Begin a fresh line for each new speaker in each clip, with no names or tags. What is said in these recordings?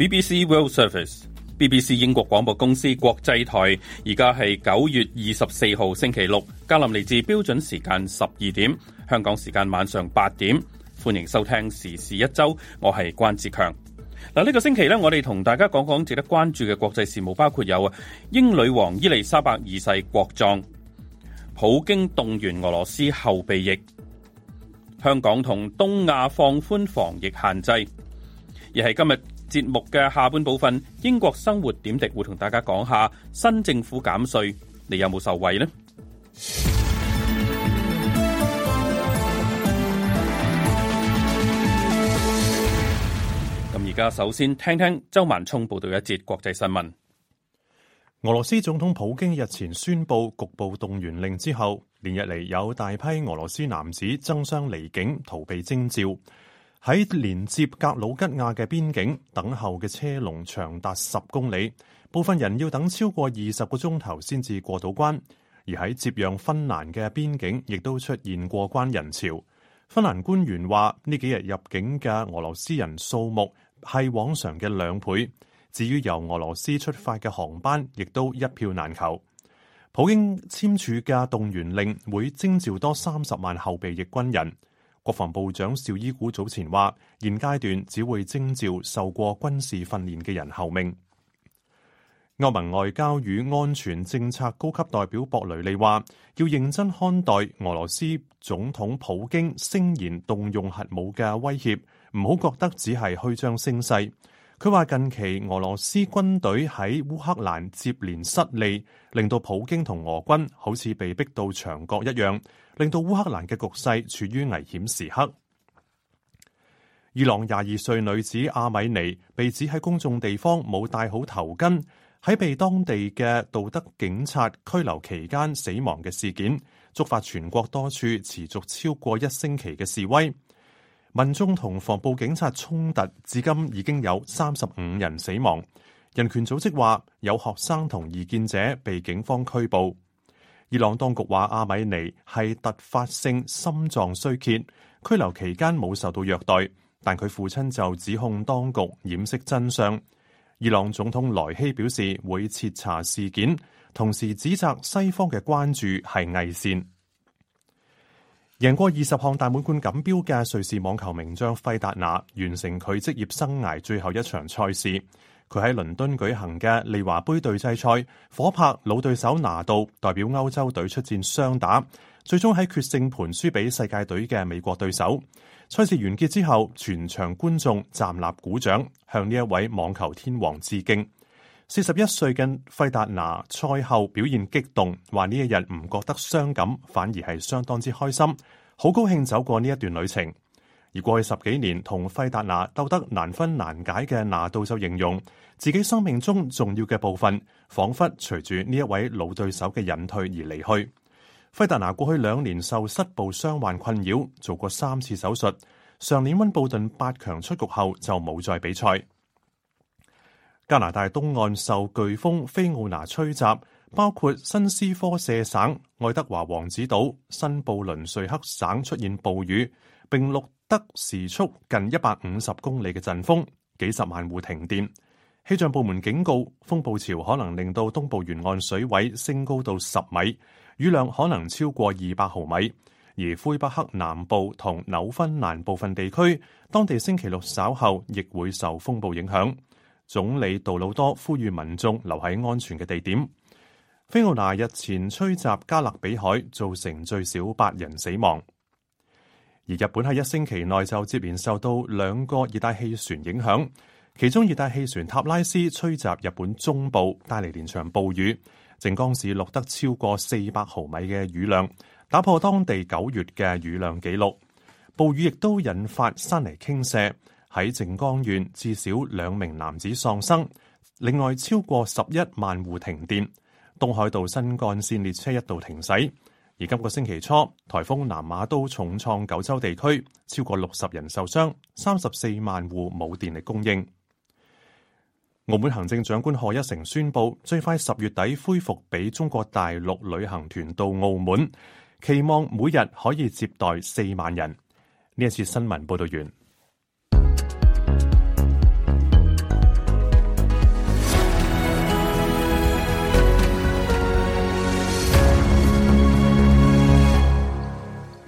BBC World Service，BBC 英國廣播公司國際台，而家係九月二十四號星期六，格林尼治標準時間十二點，香港時間晚上八點，歡迎收聽時事一周，我係關志強。嗱，呢個星期咧，我哋同大家講講值得關注嘅國際事務，包括有啊，英女王伊莉莎伯二世國葬，普京動員俄羅斯後備役，香港同東亞放寬防疫限制，而係今日。節目嘅下半部分，英國生活點滴會同大家講下新政府減稅，你有冇受惠呢？
咁而家首先聽聽周文聰報道
一節國際新聞。
俄羅斯總統普京日前宣布局部動員令之後，連日嚟有大批俄羅斯男子爭相離境，逃避徵召。喺連接格魯吉亞嘅邊境，等候嘅車龍長達十公里，部分人要等超過二十個鐘頭先至過到關。而喺接壤芬蘭嘅邊境，亦都出現過關人潮。芬蘭官員話，呢幾日入境嘅俄羅斯人數目係往常嘅兩倍。至於由俄羅斯出發嘅航班，亦都一票難求。普京簽署嘅動員令會徵召多三十萬後備役軍人。國防部長紹伊古早前話，現階段只會徵召受過軍事訓練嘅人候命。歐盟外交與安全政策高級代表博雷利話，要認真看待俄羅斯總統普京聲言動用核武嘅威脅，唔好覺得只係虛張聲勢。佢話近期俄羅斯軍隊喺烏克蘭接連失利，令到普京同俄軍好似被逼到牆角一樣，令到烏克蘭嘅局勢處於危險時刻。伊朗廿二歲女子阿米尼被指喺公眾地方冇戴好頭巾，喺被當地嘅道德警察拘留期間死亡嘅事件，觸發全國多處持續超過一星期嘅示威。民眾同防暴警察衝突至今已經有三十五人死亡。人權組織話有學生同異見者被警方拘捕。伊朗當局話阿米尼係突發性心臟衰竭，拘留期間冇受到虐待，但佢父親就指控當局掩飾真相。伊朗總統萊希表示會徹查事件，同時指責西方嘅關注係偽善。贏過二十項大滿貫錦標嘅瑞士網球名將費達拿完成佢職業生涯最後一場賽事。佢喺倫敦舉行嘅利華杯對制賽，夥拍老對手拿度代表歐洲隊出戰雙打，最終喺決勝盤輸俾世界隊嘅美國對手。賽事完結之後，全場觀眾站立鼓掌，向呢一位網球天王致敬。四十一歲嘅費達拿賽後表現激動，話呢一日唔覺得傷感，反而係相當之開心，好高興走過呢一段旅程。而過去十幾年同費達拿鬥得難分難解嘅拿度，就形容自己生命中重要嘅部分，仿佛隨住呢一位老對手嘅隱退而離去。費達拿過去兩年受膝部傷患困擾，做過三次手術。上年温布頓八強出局後就冇再比賽。加拿大東岸受颶風菲奧拿吹襲，包括新斯科舍省、愛德華王子島、新布倫瑞克省出現暴雨並錄得時速近一百五十公里嘅陣風，幾十萬戶停電。氣象部門警告，風暴潮可能令到東部沿岸水位升高到十米，雨量可能超過二百毫米。而魁北克南部同紐芬蘭部分地區，當地星期六稍後亦會受風暴影響。總理杜魯多呼籲民眾留喺安全嘅地點。菲奧娜日前吹襲加勒比海，造成最少八人死亡。而日本喺一星期內就接連受到兩個熱帶氣旋影響，其中熱帶氣旋塔拉斯吹襲日本中部，帶嚟連場暴雨。靜岡市錄得超過四百毫米嘅雨量，打破當地九月嘅雨量紀錄。暴雨亦都引發山泥傾瀉，喺靜岡縣至少兩名男子喪生。另外，超過十一萬戶停電，東海道新幹線列車一度停駛。而今個星期初，颱風南馬都重創九州地區，超過六十人受傷，三十四萬戶冇電力供應。澳門行政長官賀一誠宣布，最快十月底恢復俾中國大陸旅行團到澳門，期望每日可以接待四萬人。呢一次新聞報導完。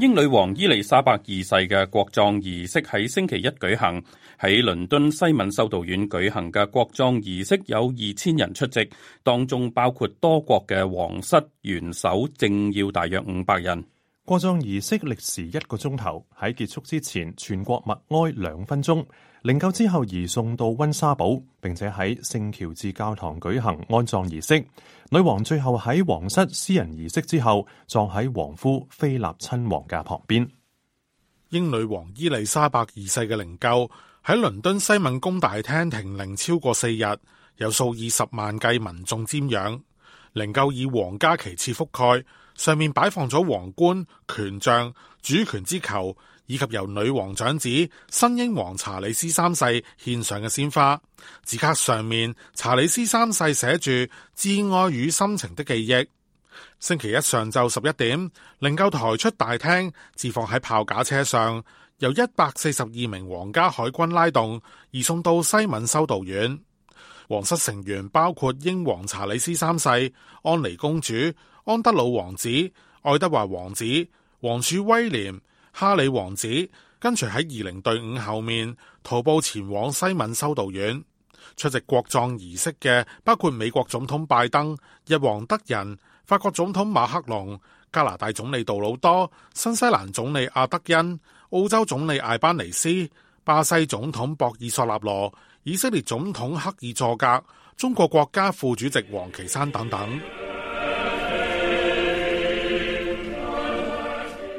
英女王伊莉莎伯二世嘅國葬儀式喺星期一舉行，喺倫敦西敏修道院舉行嘅國葬儀式有二千人出席，當中包括多國嘅皇室元首、政要大約五百人。
國葬儀式歷時一個鐘頭，喺結束之前，全國默哀兩分鐘。靈柩之後移送到溫莎堡，並且喺聖喬治教堂舉行安葬儀式。女王最後喺皇室私人儀式之後，葬喺皇夫菲立親王嘅旁邊。英女王伊麗莎白二世嘅靈
柩喺倫敦西敏宮大廳停靈超過四日，有數以十萬計民眾瞻仰。靈柩以皇家旗幟覆蓋，上面擺放咗皇冠、權杖、主權之球。以及由女王長子新英皇查理斯三世獻上嘅鮮花，字卡上面查理斯三世寫住摯愛與深情的記憶。星期一上晝十一點，靈柩抬出大廳，置放喺炮架車上，由一百四十二名皇家海軍拉動，移送到西敏修道院。皇室成員包括英皇查理斯三世、安妮公主、安德魯王子、愛德華王子、皇儲威廉。哈里王子跟隨喺二零隊伍後面，徒步前往西敏修道院出席國葬儀式嘅，包括美國總統拜登、日皇德仁、法國總統馬克龍、加拿大總理杜魯多、新西蘭總理阿德恩、澳洲總理艾班尼斯、巴西總統博爾索納羅、以色列總統克爾佐格、中國國家副主席王岐山等等。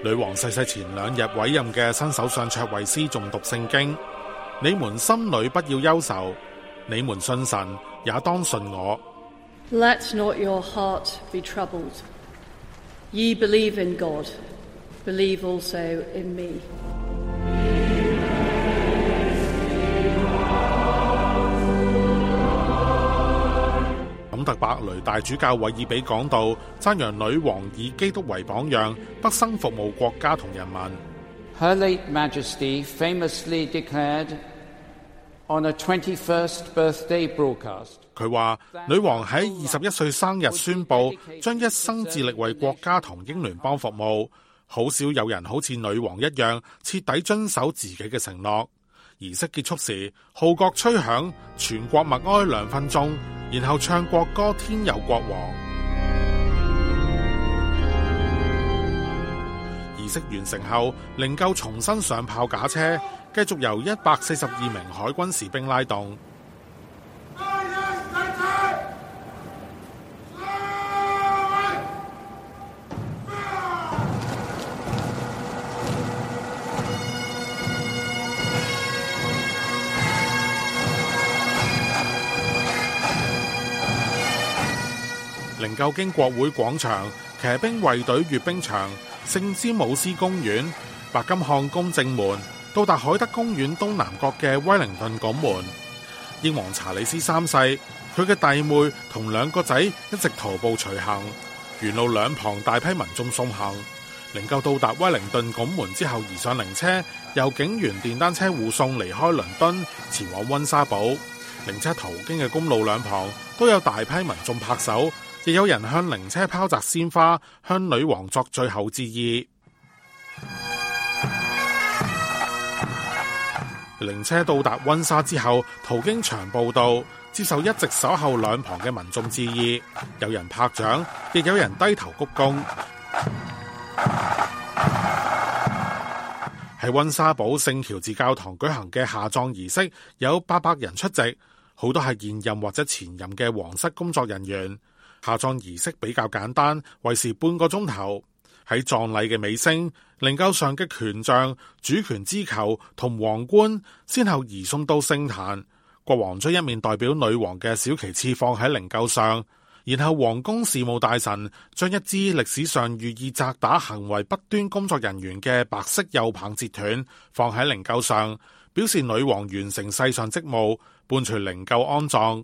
女王逝世前兩日委任嘅新首相卓慧思仲讀聖經：你們心裏不要憂愁，你們信神也當信我。
Let not your heart be troubled. Ye believe in God, believe also in me.
特伯雷大主教威爾比講道，讚揚女王以基督為榜樣，畢生服務國家同人民。Her late Majesty famously declared on a twenty-first birthday broadcast，佢話女王喺二十一歲生日宣布，將一生致力為國家同英聯邦服務。好少有人好似女王一樣徹底遵守自己嘅承諾。儀式結束時，號角吹響，全國默哀兩分鐘，然後唱國歌《天佑國王》。儀 式完成後，靈柩重新上炮架車，繼續由一百四十二名海軍士兵拉動。靈柩經國會廣場、騎兵衛隊閱兵場、聖詹姆斯公園、白金漢宮正門到達海德公園東南角嘅威靈頓拱門。英皇查理斯三世，佢嘅弟妹同兩個仔一直徒步隨行，沿路兩旁大批民眾送行。靈柩到達威靈頓拱門之後，移上靈車，由警員電單車護送離開倫敦，前往溫莎堡。靈車途經嘅公路兩旁都有大批民眾拍手。亦有人向靈車拋擲鮮花，向女王作最後致意。靈車到達溫莎之後，途經長步道，接受一直守候兩旁嘅民眾致意。有人拍掌，亦有人低頭鞠躬。喺 溫莎堡聖喬治教堂舉行嘅下葬儀式，有八百人出席，好多係現任或者前任嘅皇室工作人員。下葬儀式比較簡單，為時半個鐘頭。喺葬禮嘅尾聲，靈柩上嘅權杖、主權之球同皇冠先後移送到聖壇。國王將一面代表女王嘅小旗幟放喺靈柩上，然後皇宮事務大臣將一支歷史上寓意責打行為不端工作人員嘅白色右棒截斷，放喺靈柩上，表示女王完成世上職務，伴隨靈柩安葬。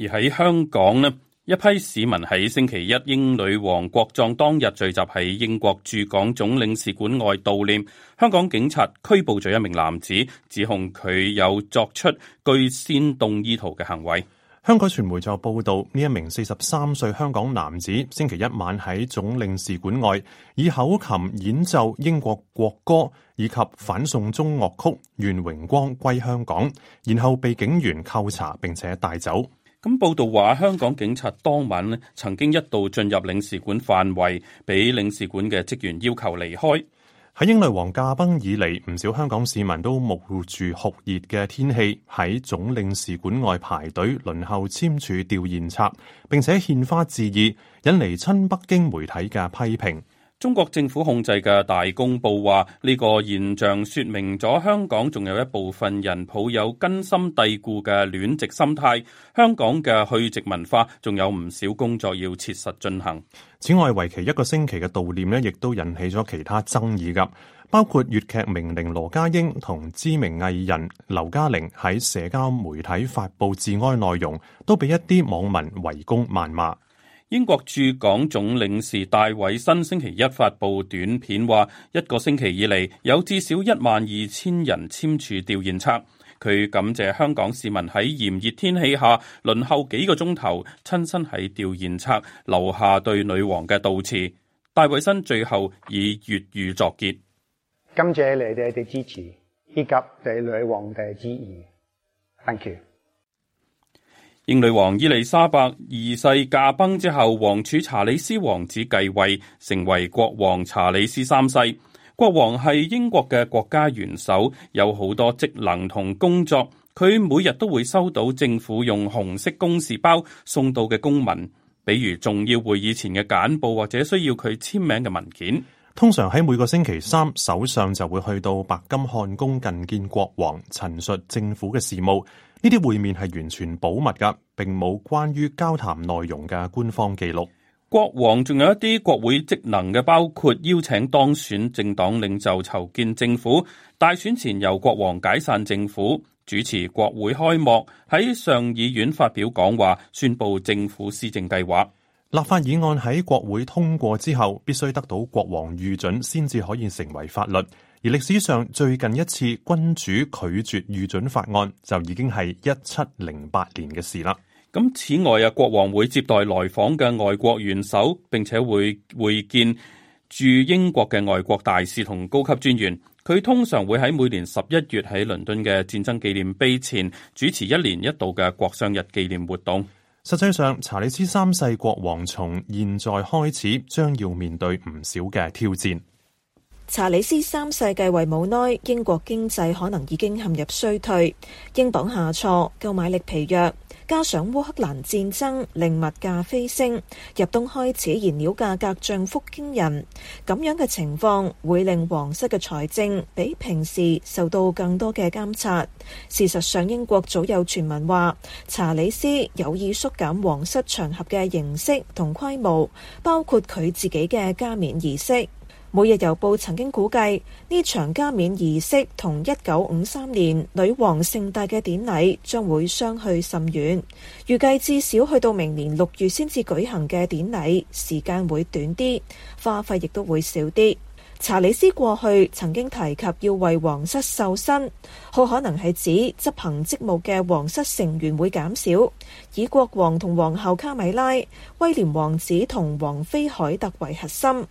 而喺香港，呢一批市民喺星期一英女王國葬當日聚集喺英國駐港總領事館外悼念。香港警察拘捕咗一名男子，指控佢有作出
具煽動意圖嘅行為。香港傳媒就報道呢一名四十三歲香港男子星期一晚喺總領事館外以口琴演奏英國國歌，以及反送中樂曲《願榮光歸香港》，然後被警員扣查並且帶走。咁報道話，香港警察當晚咧曾
經一度進入領事館範圍，俾領事館嘅職員要求離
開。喺英女王駕崩以嚟，唔少香港市民都冒住酷熱嘅天氣，喺總領事館外排隊輪候簽署弔唁冊，並且獻花致意，引嚟親北京媒體嘅批評。中國政府控制嘅大公報
話：呢個現象說明咗香港仲有一部分人抱有根深蒂固嘅戀殖心態。香港嘅去殖文化仲有唔少工作要
切實進行。此外，為期一個星期嘅悼念呢，亦都引起咗其他爭議噶，包括粵劇名伶羅家英同知名藝人劉嘉玲喺社交媒體發布致哀內容，都俾一啲網民圍攻謾罵。
英國駐港總領事戴偉紳星期一發布短片，話一個星期以嚟，有至少一萬二千人簽署弔唁冊。佢感謝香港市民喺炎熱天氣下，輪候幾個鐘頭，親身喺弔唁冊留下對女王嘅悼詞。戴偉紳最後以粵語作結：
感謝你哋嘅支持，以及對女王嘅支持。Thank you。
英女王伊麗莎白二世駕崩之後，王儲查理斯王子繼位，成為國王查理斯三世。國王係英國嘅國家元首，有好多職能同工作。佢每日都會收到政府用紅色公事包送到嘅公文，比如重要會議前嘅簡報或者
需要佢簽名嘅文件。通常喺每個星期三，首相就會去到白金漢宮覲見國王，陳述政府嘅事務。呢啲會面係完全保密噶，並冇關於交談內容嘅官方記錄。國王仲有一啲國會職能嘅，包括邀請當選政黨領
袖籌建政府，大選前由國王解散政府，主持國會開幕，喺上議院發表講話，宣佈政府施政計劃。
立法議案喺國會通過之後，必須得到國王御准，先至可以成為法律。而歷史上最近一次君主拒絕御准法案，就已經係一七零八年嘅事啦。咁此外啊，國王會接待來訪嘅外
國元首，並且會會見駐英國嘅外國大使同高級專員。佢通常會喺每年十一月喺倫敦嘅戰爭紀念碑前主持一年一度嘅國殤日紀念活動。
實際上，查理斯三世國王從現在開始將要面對唔少嘅挑戰。
查理斯三世繼位冇耐英國經濟可能已經陷入衰退，英鎊下挫，購買力疲弱，加上烏克蘭戰爭令物價飛升，入冬開始燃料價格漲幅驚人。咁樣嘅情況會令皇室嘅財政比平時受到更多嘅監察。事實上，英國早有傳聞話查理斯有意縮減皇室場合嘅形式同規模，包括佢自己嘅加冕儀式。每日郵報曾經估計，呢場加冕儀式同一九五三年女王盛大嘅典禮將會相去甚遠。預計至少去到明年六月先至舉行嘅典禮，時間會短啲，花費亦都會少啲。查理斯過去曾經提及要為皇室瘦身，好可能係指執行職務嘅皇室成員會減少，以國王同皇后卡米拉、威廉王子同皇妃凱特為核心。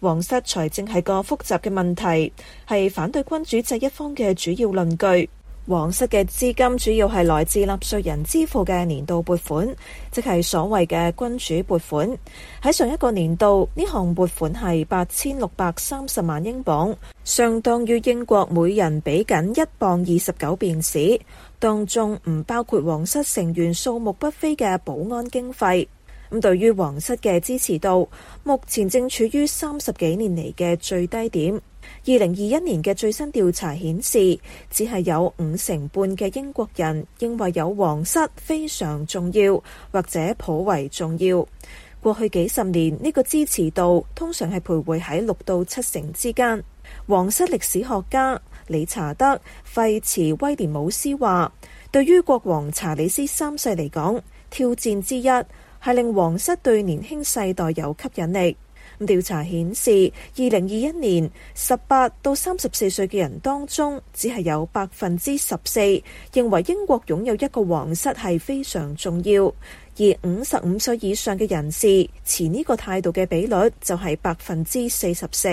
皇室財政係個複雜嘅問題，係反對君主制一方嘅主要論據。皇室嘅資金主要係來自納稅人支付嘅年度撥款，即係所謂嘅君主撥款。喺上一個年度，呢項撥款係八千六百三十萬英鎊，相當於英國每人俾緊一鎊二十九便士，當中唔包括皇室成員數目不菲嘅保安經費。咁對於皇室嘅支持度，目前正處於三十幾年嚟嘅最低點。二零二一年嘅最新調查顯示，只係有五成半嘅英國人認為有皇室非常重要或者頗為重要。過去幾十年，呢個支持度通常係徘徊喺六到七成之間。皇室歷史學家理查德費茨威廉姆斯話，對於國王查理斯三世嚟講，挑戰之一，係令皇室對年輕世代有吸引力。咁調查顯示，二零二一年十八到三十四歲嘅人當中，只係有百分之十四認為英國擁有一個皇室係非常重要。而五十五歲以上嘅人士持呢個態度嘅比率就係百分之四十四。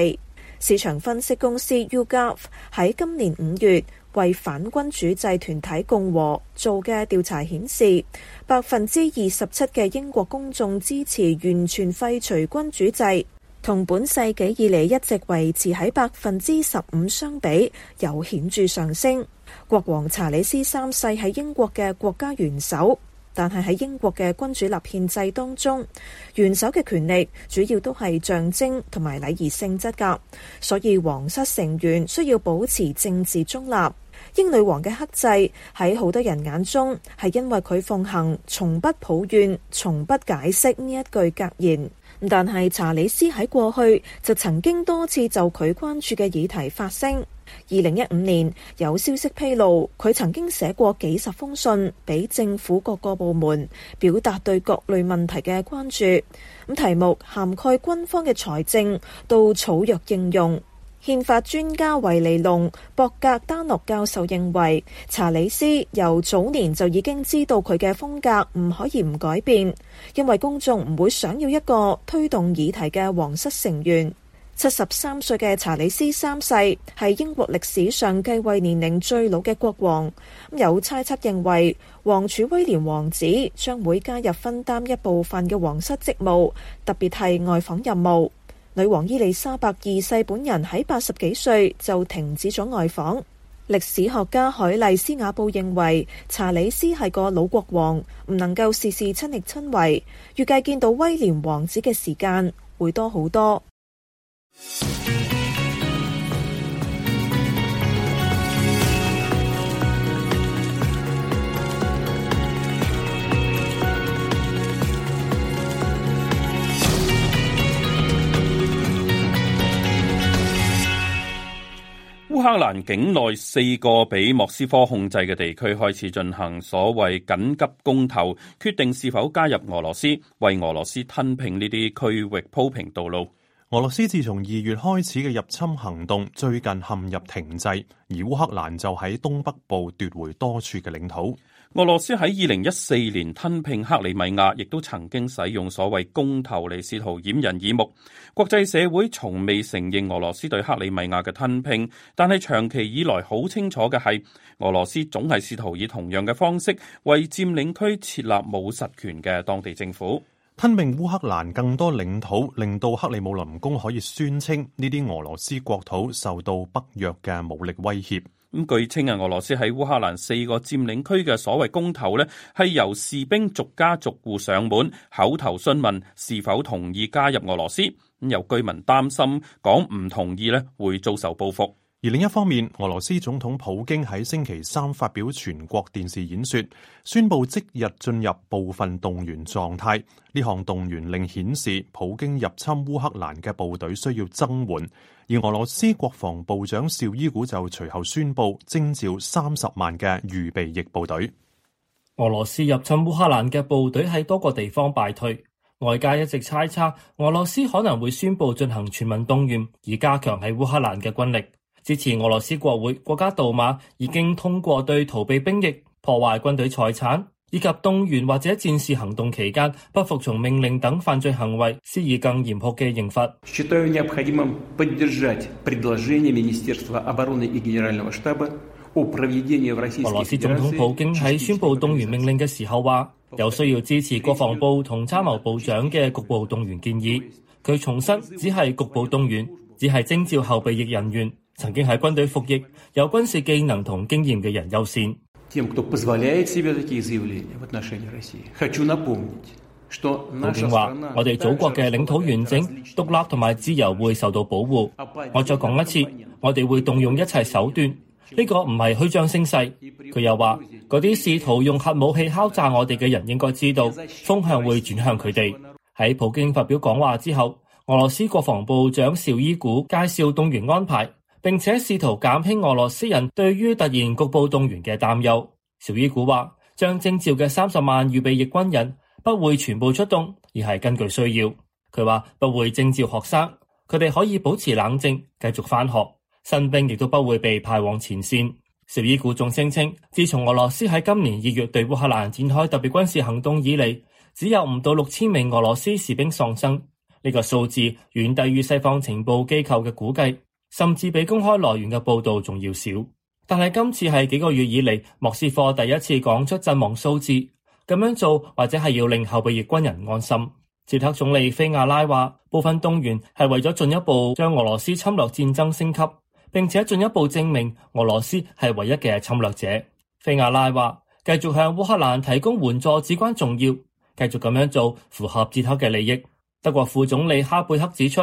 市場分析公司 u g o fYouGov 喺今年五月為反君主制團體共和做嘅調查顯示，百分之二十七嘅英國公眾支持完全廢除君主制，同本世紀以嚟一直維持喺百分之十五相比，有顯著上升。國王查理斯三世係英國嘅國家元首，但係喺英國嘅君主立憲制當中，元首嘅權力主要都係象徵同埋禮儀性質㗎，所以皇室成員需要保持政治中立。英女王嘅克制喺好多人眼中係因為佢奉行從不抱怨、從不解釋呢一句格言。但係查理斯喺過去就曾經多次就佢關注嘅議題發聲。二零一五年有消息披露，佢曾經寫過幾十封信俾政府各個部門，表達對各類問題嘅關注。咁題目涵蓋軍方嘅財政到草藥應用。憲法專家維尼龍博格丹諾教授認為，查理斯由早年就已經知道佢嘅風格唔可以唔改變，因為公眾唔會想要一個推動議題嘅皇室成員。七十三歲嘅查理斯三世係英國歷史上繼位年齡最老嘅國王。有猜測認為，王儲威廉王子將會加入分擔一部分嘅皇室職務，特別係外訪任務。女王伊莉莎伯二世本人喺八十幾歲就停止咗外訪。歷史學家海麗斯瓦布認為，查理斯係個老國王，唔能夠事事親力親為，預計見到威廉王子嘅時間會多好多。
烏克蘭境內四個被莫斯科控制嘅地區開始進行所謂緊急公投，決定是否加入俄羅斯，為俄羅斯吞
併呢啲區域鋪平道路。俄羅斯自從二月開始嘅入侵行動，最近陷入停滯，而烏克蘭就喺東北部奪回多處嘅領土。
俄羅斯喺二零一四年吞併克里米亞，亦都曾經使用所謂公投嚟試圖掩人耳目。國際社會從未承認俄羅斯對克里米亞嘅吞併，但係長期以來好清楚嘅係，俄羅斯總係試圖以同樣嘅
方式為佔領區設立冇實權嘅當地政府。吞併烏克蘭更多領土，令到克里姆林宮可以宣稱呢啲俄羅斯國土受到北約嘅武力威脅。咁據稱啊，俄羅斯喺烏克蘭四個佔領區嘅
所謂公投咧，係由士兵逐家逐戶上門，口頭詢問是否同意加入俄羅斯。咁有居民擔心講唔同意咧，會遭受
報復。而另一方面，俄羅斯總統普京喺星期三發表全國電視演說，宣布即日進入部分動員狀態。呢項動員令顯示，普京入侵烏克蘭嘅部隊需要增援。而俄羅斯國防部長邵伊古就隨後宣布徵召三十萬嘅預備役部隊。
俄羅斯入侵烏克蘭嘅部隊喺多個地方敗退，外界一直猜測俄羅斯可能會宣布進行全民動員，而加強喺烏克蘭嘅軍力。之前俄羅斯國會國家杜馬已經通過對逃避兵役、破壞軍隊財產，以及動員或者戰事行動期間不服從命令等犯罪行為，施以更嚴酷嘅刑罰。俄羅斯總統普京喺宣布動員命令嘅時候話，有需要支持國防部同參謀部長嘅局部動員建議。佢重申，只係局部動員，只係徵召後備役人員，曾經喺軍隊服役、有軍事技能同經驗嘅人優先。普京話，我哋祖國嘅領土完整、獨立同埋自由會受到保護。我再講一次，我哋會動用一切手段，呢、這個唔係虛張聲勢。佢又話，嗰啲試圖用核武器敲詐我哋嘅人應該知道，風向會轉向佢哋。喺普京發表講話之後，俄羅斯國防部長邵伊古介紹動員安排。並且試圖減輕俄羅斯人對於突然局部動員嘅擔憂。紹伊古話，將徵召嘅三十萬預備役軍人不會全部出動，而係根據需要。佢話不會徵召學生，佢哋可以保持冷靜，繼續翻學。新兵亦都不會被派往前線。紹伊古仲聲稱，自從俄羅斯喺今年二月對烏克蘭展開特別軍事行動以嚟，只有唔到六千名俄羅斯士、士兵喪生，呢、這個數字遠低於西方情報機構嘅估計，甚至比公開來源嘅報道仲要少，但係今次係幾個月以嚟莫斯科第一次講出陣亡數字，咁樣做或者係要令後備役軍人安心。捷克總理菲亞拉話：部分動員係為咗進一步將俄羅斯侵略戰爭升級，並且進一步證明俄羅斯係唯一嘅侵略者。菲亞拉話：繼續向烏克蘭提供援助至關重要，繼續咁樣做符合捷克嘅利益。德國副總理哈貝克指出。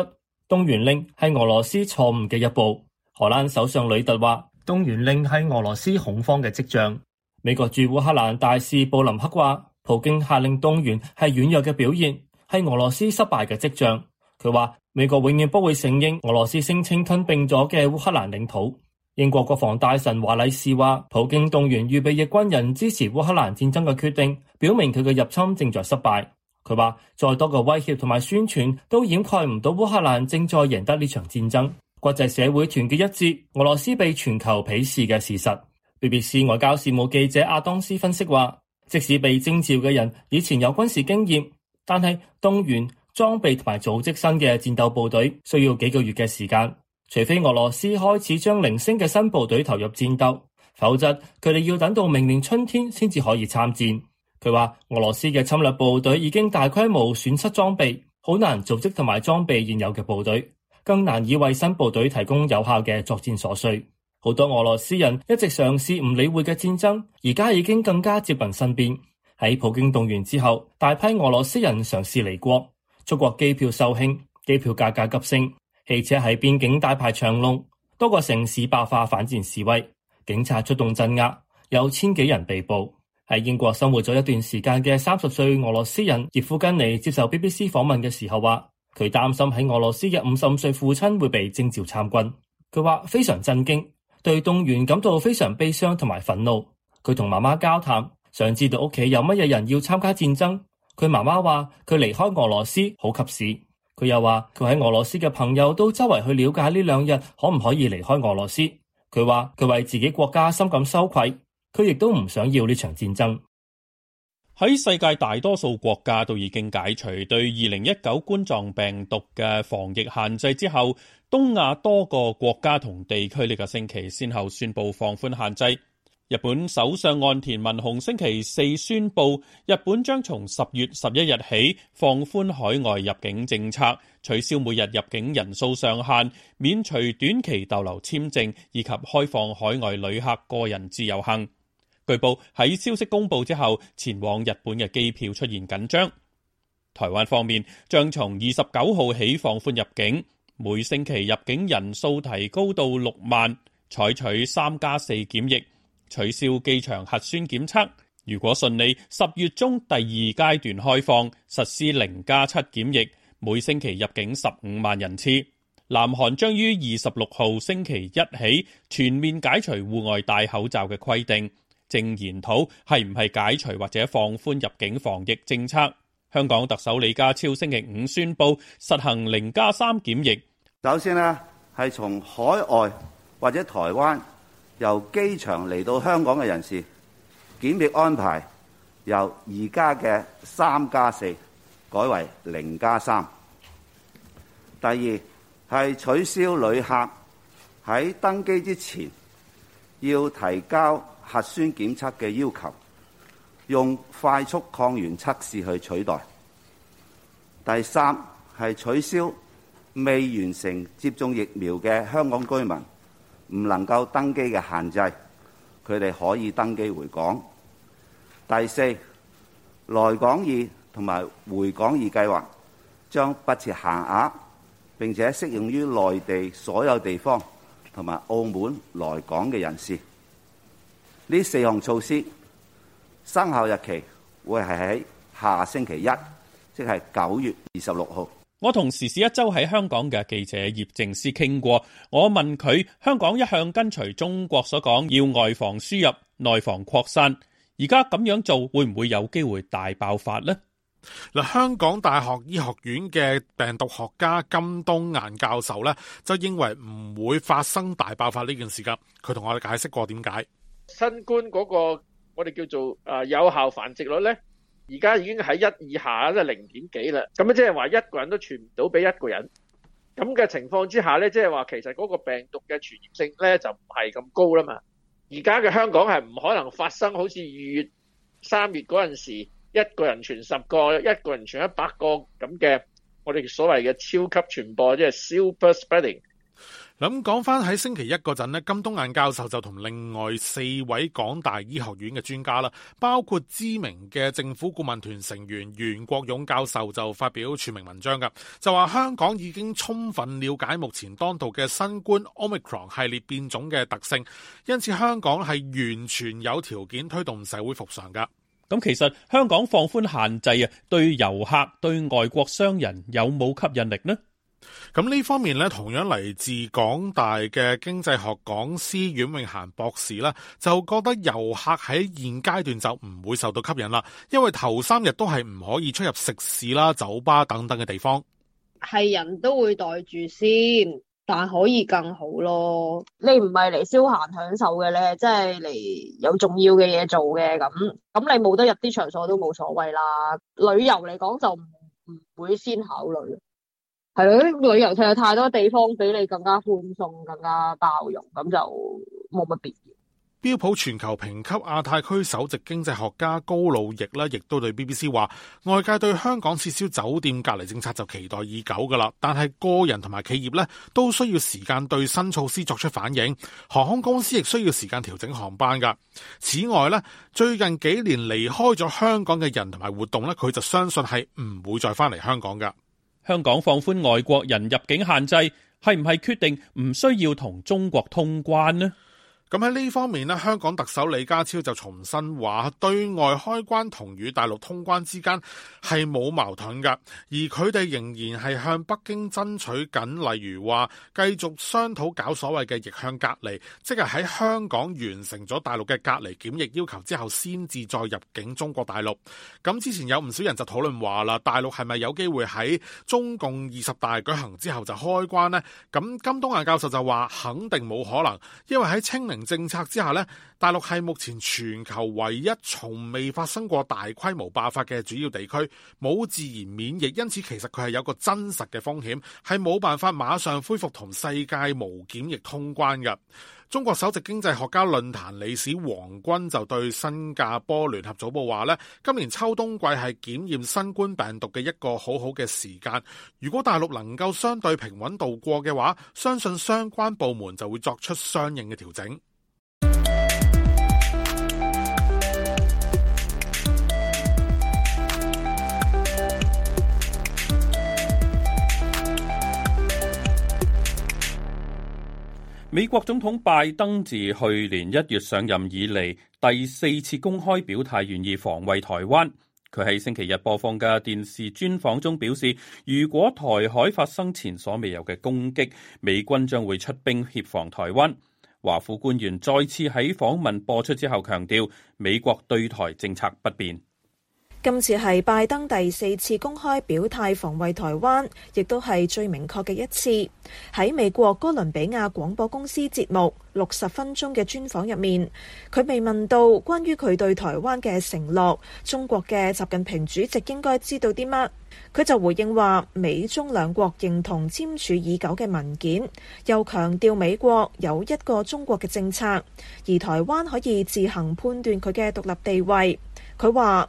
動員令係俄羅斯錯誤嘅一步。荷蘭首相呂特話：動員令係俄羅斯恐慌嘅跡象。美國駐烏克蘭大使布林克話：普京下令動員係軟弱嘅表現，係俄羅斯失敗嘅跡象。佢話：美國永遠不會承認俄羅斯聲稱吞併咗嘅烏克蘭領土。英國國防大臣華禮士話：普京動員預備役軍人支持烏克蘭戰爭嘅決定，表明佢嘅入侵正在失敗。佢話：再多嘅威脅同埋宣傳都掩蓋唔到烏克蘭正在贏得呢場戰爭，國際社會團結一致，俄羅斯被全球鄙視嘅事實。BBC 外交事務記者阿當斯分析話：即使被徵召嘅人以前有軍事經驗，但係動員裝備同埋組織新嘅戰鬥部隊需要幾個月嘅時間，除非俄羅斯開始將零星嘅新部隊投入戰鬥，否則佢哋要等到明年春天先至可以參戰。佢話俄羅斯嘅侵略部隊已經大規模損失裝備，好難組織同埋裝備現有嘅部隊，更難以為新部隊提供有效嘅作戰所需。好多俄羅斯人一直嘗試唔理會嘅戰爭，而家已經更加接近身邊。喺普京動員之後，大批俄羅斯人嘗試離國，出國機票售罄，機票價格急升，汽車喺邊境大排長龍，多個城市爆發反戰示威，警察出動鎮壓，有千幾人被捕。喺英國生活咗一段時間嘅三十歲俄羅斯人葉夫根尼接受 BBC 訪問嘅時候話，佢擔心喺俄羅斯嘅五十五歲父親會被徵召參軍。佢話非常震驚，對動員感到非常悲傷同埋憤怒。佢同媽媽交談，想知道屋企有乜嘢人要參加戰爭。佢媽媽話佢離開俄羅斯好及時。佢又話佢喺俄羅斯嘅朋友都周圍去了解呢兩日可唔可以離開俄羅斯。佢話佢為自己國家深感羞愧。佢亦都唔想要呢場戰
爭。喺世界大多數國家都已經解除對二零一九冠狀病毒嘅防疫限制之後，東亞多個國家同地區呢個星期先後宣布放寬限制。日本首相岸田文雄星期四宣布，日本將從十月十一日起放寬海外入境政策，取消每日入境人數上限，免除短期逗留簽證，以及開放海外旅客個人自由行。據報喺消息公布之後，前往日本嘅機票出現緊張。台灣方面將從二十九號起放寬入境，每星期入境人數提高到六萬，採取三加四檢疫，取消機場核酸檢測。如果順利，十月中第二階段開放，實施零加七檢疫，每星期入境十五萬人次。南韓將於二十六號星期一起全面解除戶外戴口罩嘅規定。正研討係唔係解除或者放寬入境防疫政策？香港特首李家超星期五宣
布實行零加三檢疫。首先呢係從海外或者台灣由機場嚟到香港嘅人士檢疫安排由而家嘅三加四改為零加三。第二係取消旅客喺登機之前要提交。核酸檢測嘅要求，用快速抗原測試去取代。第三係取消未完成接種疫苗嘅香港居民唔能夠登機嘅限制，佢哋可以登機回港。第四，來港易同埋回港易計劃將不設限額，並且適用於內地所有地方同埋澳門來港嘅人士。呢四項措施生效日期會係喺下星期一，即係九月二十六號。
我同時事一周喺香港嘅記者葉靜思傾過，我問佢：香港一向跟隨中國所講，要外防輸入、內防擴散，而家咁樣做會唔會有機會大爆發呢？嗱，香港大學醫學院
嘅病毒學家金冬雁教授呢，就認為唔會發生大爆發呢件事噶。佢同我哋解釋過點解。
新冠嗰個我哋叫做啊有效繁殖率呢，而家已經喺一以下即係零點幾啦。咁即係話一個人都傳唔到俾一個人咁嘅情況之下呢，即係話其實嗰個病毒嘅傳染
性呢，就唔係咁高啦嘛。而家嘅香港係唔可能發生好似二月
三月嗰陣時，一個人傳十個，一個人傳一百個咁嘅我哋所謂嘅超級傳播，即係 super spreading。咁講翻喺星期一
嗰陣咧，金冬雁教授就同另外四位港大醫學院嘅專家啦，包括知名嘅政府顧問團成員袁國勇教授就發表署名文章噶，就話香港已經充分了解目前當度嘅新冠 Omicron 系列變種嘅特性，因此香港係完全有條件推動社會復常噶。
咁其實香港放寬限制啊，對遊客對外國商人有冇吸引力呢？咁呢方面咧，同樣嚟自港大嘅經濟
學講師阮永嫻博士啦，就覺得遊客喺現階段就唔會受到吸引啦，因為頭三日都係唔可以出入食肆啦、酒吧等等嘅地方。
係人都會待住先，但可以更好咯。你唔係嚟消閒享受嘅咧，即係嚟有重要嘅嘢做嘅咁。咁你冇得入啲場所都冇所謂啦。旅遊嚟講就唔會先考慮。係旅遊就有太多地方俾你更加寬鬆、更加包容，咁就冇乜必
要。標普全球評級亞太區首席經濟學家高路易咧，亦都對 BBC 話：外界對香港撤銷酒店隔離政策就期待已久㗎啦，但係個人同埋企業咧都需要時間對新措施作出反應，航空公司亦需要時間調整航班㗎。此外咧，最近幾年
離開咗香港嘅人同埋活動咧，佢就相信係唔會再翻嚟香港㗎。香港放寬外國人入境限制，係唔係決定唔需要同中國通關呢？咁喺呢方面呢，香港特首李家超就重申話對
外開關同與大陸通關之間係冇矛盾噶，而佢哋仍然係向北京爭取緊，例如話繼續商討搞所謂嘅逆向隔離，即係喺香港完成咗大陸嘅隔離檢疫要求之後先至再入境中國大陸，咁之前有唔少人就討論話啦，大陸係咪有機會喺中共二十大舉行之後就開關咧？咁金冬雁教授就話肯定冇可能，因為喺清零。政策之下呢，大陸係目前全球唯一從未發生過大規模爆發嘅主要地區，冇自然免疫，因此其實佢係有個真實嘅風險，係冇辦法馬上恢復同世界無檢疫通關㗎。中國首席經濟學家論壇理事王軍就對新加坡聯合早報話：咧今年秋冬季係檢驗新冠病毒嘅一個好好嘅時間。如果大陸能夠相對平穩度過嘅話，相信相關部門就會作出相應嘅調整。
美國總統拜登自去年一月上任以嚟，第四次公開表態願意防衛台灣。佢喺星期日播放嘅電視專訪中表示，如果台海發生前所未有嘅攻擊，美軍將會出兵協防台灣。華府官員再次喺訪問播出之後強調，美國對台政策不變。
今次係拜登第四次公開表態防衛台灣，亦都係最明確嘅一次。喺美國哥倫比亞廣播公司節目《六十分鐘》嘅專訪入面，佢被問到關於佢對台灣嘅承諾，中國嘅習近平主席應該知道啲乜，佢就回應話：美中兩國認同簽署已久嘅文件，又強調美國有一個中國嘅政策，而台灣可以自行判斷佢嘅獨立地位。佢話：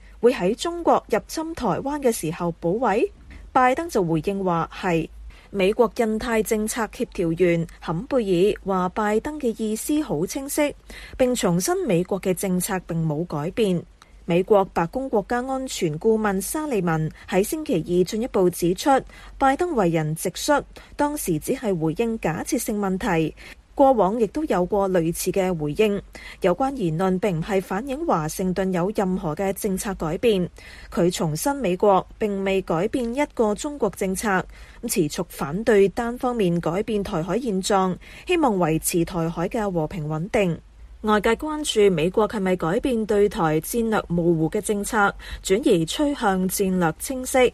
會喺中國入侵台灣嘅時候保衛。拜登就回應話，係美國印太政策協調員坎貝爾話，拜登嘅意思好清晰，並重申美國嘅政策並冇改變。美國白宮國家安全顧問沙利文喺星期二進一步指出，拜登為人直率，當時只係回應假設性問題。過往亦都有過類似嘅回應，有關言論並唔係反映華盛頓有任何嘅政策改變。佢重申，美國並未改變一個中國政策，持續反對單方面改變台海現狀，希望維持台海嘅和平穩定。外界關注美國係咪改變對台戰略模糊嘅政策，轉而趨向戰略清晰。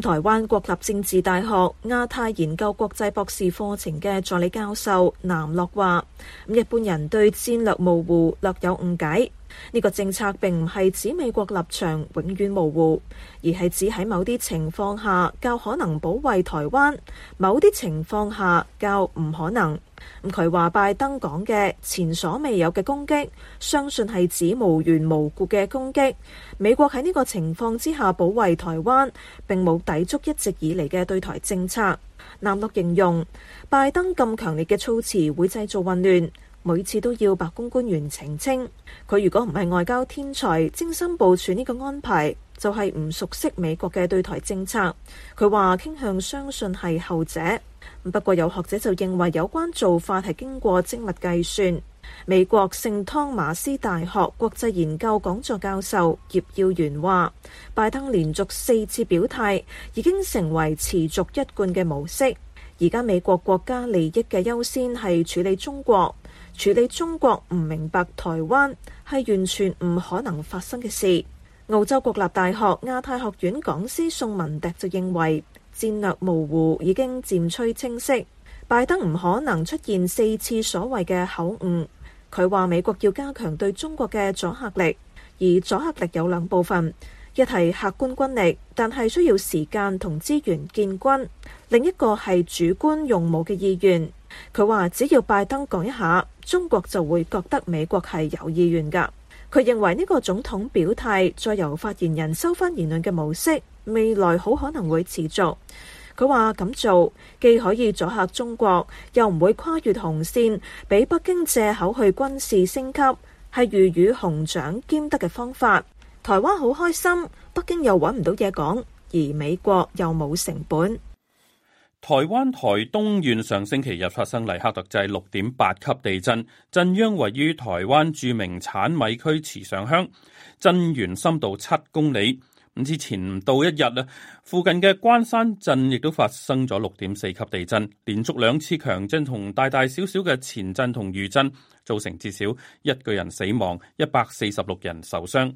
台灣國立政治大學亞太研究國際博士課程嘅助理教授南樂話：咁一般人對戰略模糊略有誤解，呢個政策並唔係指美國立場永遠模糊，而係指喺某啲情況下較可能保衛台灣，某啲情況下較唔可能。佢話拜登講嘅前所未有嘅攻擊，相信係指無緣無故嘅攻擊。美國喺呢個情況之下保衞台灣，並冇抵觸一直以嚟嘅對台政策。南諾形容拜登咁強烈嘅措辭會製造混亂，每次都要白宮官員澄清。佢如果唔係外交天才，精心部署呢個安排，就係、是、唔熟悉美國嘅對台政策。佢話傾向相信係後者。不過有學者就認為有關做法係經過精密計算。美國聖湯馬斯大學國際研究講座教授葉耀元話：拜登連續四次表態已經成為持續一貫嘅模式。而家美國國家利益嘅優先係處理中國，處理中國唔明白台灣係完全唔可能發生嘅事。澳洲國立大學亞太學院講師宋文迪就認為。戰略模糊已經漸趨清晰，拜登唔可能出現四次所謂嘅口誤。佢話美國要加強對中國嘅阻嚇力，而阻嚇力有兩部分，一係客觀軍力，但係需要時間同資源建軍；另一個係主觀用武嘅意願。佢話只要拜登講一下，中國就會覺得美國係有意願㗎。佢認為呢個總統表態再由發言人收返言論嘅模式。未來好可能會持續。佢話咁做既可以阻嚇中國，又唔會跨越紅線，俾北京借口去軍事升級，係魚與熊掌兼得嘅方法。台灣好開心，北京又揾唔到嘢講而美國又冇成本。
台灣台東縣上星期日發生黎克特制六點八級地震，震央位於台灣著名產米區池上鄉，震源深度七公里。之前唔到一日咧，附近嘅關山鎮亦都發生咗六點四級地震，連續兩次強震同大大小小嘅前震同餘震，造成至少一個人死亡，一百四十六人受傷。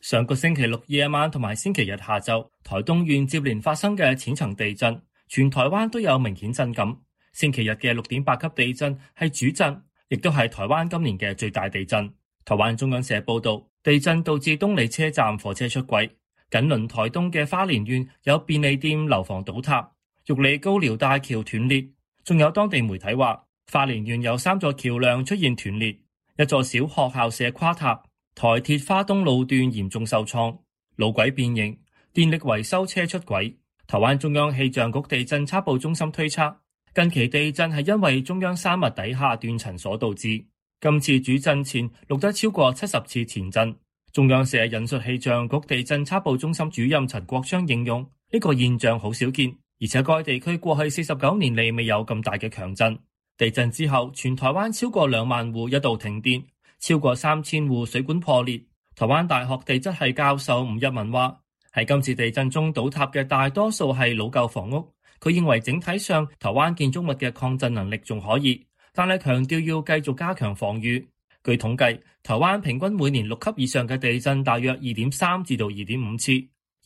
上個星期六夜晚同埋星期日下晝，台東縣接連發生嘅淺層地震，全台灣都有明顯震感。星期日嘅六點八級地震係主震，亦都係台灣今年嘅最大地震。台灣中央社報道，地震導致東里車站火車出軌。緊鄰台東嘅花蓮縣有便利店樓房倒塌，玉里高寮大橋斷裂，仲有當地媒體話花蓮縣有三座橋樑出現斷裂，一座小學校舍垮塌，台鐵花東路段嚴重受創，路軌變形，電力維修車出軌。台灣中央氣象局地震測報中心推測，近期地震係因為中央山脈底下斷層所導致，今次主震前錄得超過七十次前震。中央社引述氣象局地震測報中心主任陳國昌形容：呢個現象好少見，而且該地區過去四十九年嚟未有咁大嘅強震。地震之後，全台灣超過兩萬戶一度停電，超過三千戶水管破裂。台灣大學地質系教授吳日文話，喺今次地震中倒塌嘅大多數係老舊房屋。佢認為整體上台灣建築物嘅抗震能力仲可以，但係強調要繼續加強防禦。據統計，台灣平均每年六級以上嘅地震大約二點三至到二點五次，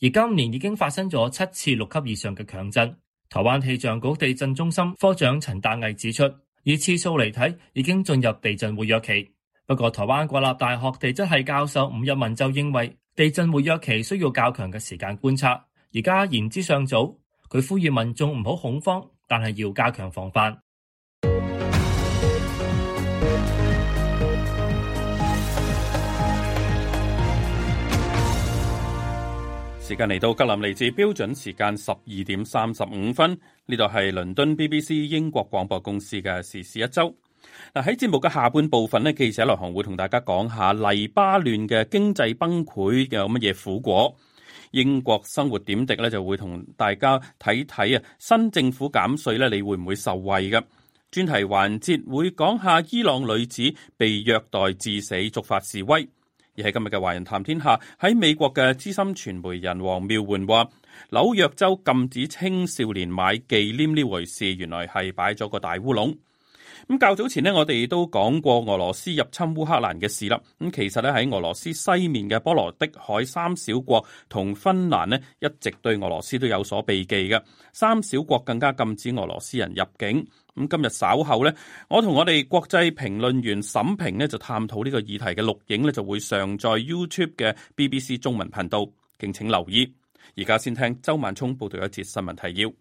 而今年已經發生咗七次六級以上嘅強震。台灣氣象局地震中心科長陳達毅指出，以次數嚟睇，已經進入地震活躍期。不過，台灣國立大學地質系教授吳日文就認為，地震活躍期需要較強嘅時間觀察，而家言之尚早。佢呼籲民眾唔好恐慌，但係要加強防範。
時間嚟到，格林尼治標準時間十二點三十五分，呢度係倫敦 BBC 英國廣播公司嘅時事一周。嗱，喺節目嘅下半部分咧，記者來鴻會同大家講下黎巴嫩嘅經濟崩潰有乜嘢苦果。英國生活點滴呢，就會同大家睇睇啊，新政府減稅呢，你會唔會受惠嘅？專題環節會講下伊朗女子被虐待致死，觸發示威。而喺今日嘅《華人談天下》，喺美國嘅資深傳媒人王妙煥話：紐約州禁止青少年買忌廉呢回事，原來係擺咗個大烏龍。咁較早前呢，我哋都講過俄羅斯入侵烏克蘭嘅事啦。咁其實咧，喺俄羅斯西面嘅波羅的海三小國同芬蘭呢，一直對俄羅斯都有所避忌嘅。三小國更加禁止俄羅斯人入境。咁今日稍後咧，我同我哋國際評論員沈平咧就探討呢個議題嘅錄影咧，就會上載 YouTube 嘅 BBC 中文頻道，敬請留意。而家先聽周萬聰報道一節新聞提要。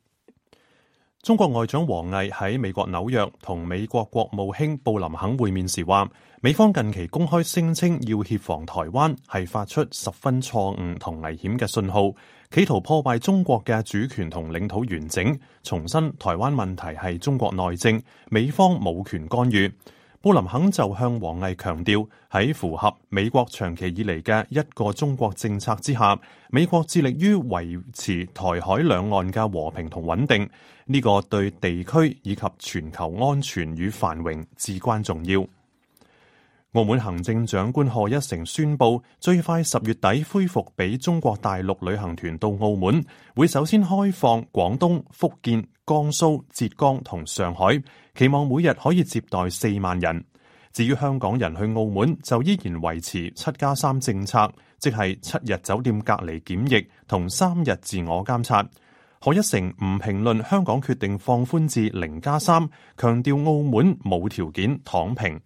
中國外長王毅喺美國紐約同美國國務卿布林肯會面時話，美方近期公開聲稱要協防台灣，係發出十分錯誤同危險嘅信號。企圖破壞中國嘅主權同領土完整，重申台灣問題係中國內政，美方冇權干預。布林肯就向王毅強調，喺符合美國長期以嚟嘅一個中國政策之下，美國致力於維持台海兩岸嘅和平同穩定，呢個對地區以及全球安全與繁榮至關重要。澳門行政長官賀一誠宣布，最快十月底恢復俾中國大陸旅行團到澳門，會首先開放廣東、福建、江蘇、浙江同上海，期望每日可以接待四萬人。至於香港人去澳門，就依然維持七加三政策，即係七日酒店隔離檢疫同三日自我監察。賀一誠唔評論香港決定放寬至零加三，強調澳門冇條件躺平。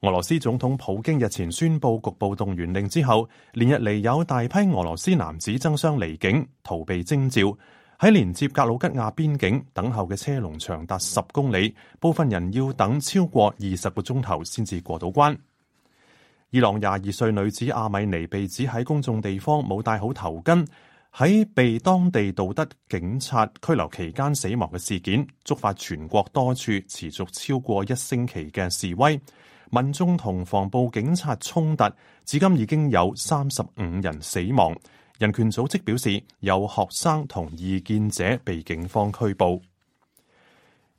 俄羅斯總統普京日前宣布局部動員令之後，連日嚟有大批俄羅斯男子爭相離境，逃避徵召。喺連接格魯吉亞邊境等候嘅車龍長達十公里，部分人要等超過二十個鐘頭先至過到關。伊朗廿二歲女子阿米尼被指喺公眾地方冇戴好頭巾，喺被當地道德警察拘留期間死亡嘅事件，觸發全國多處持續超過一星期嘅示威。民眾同防暴警察衝突，至今已經有三十五人死亡。人權組織表示，有學生同異見者被警方拘捕。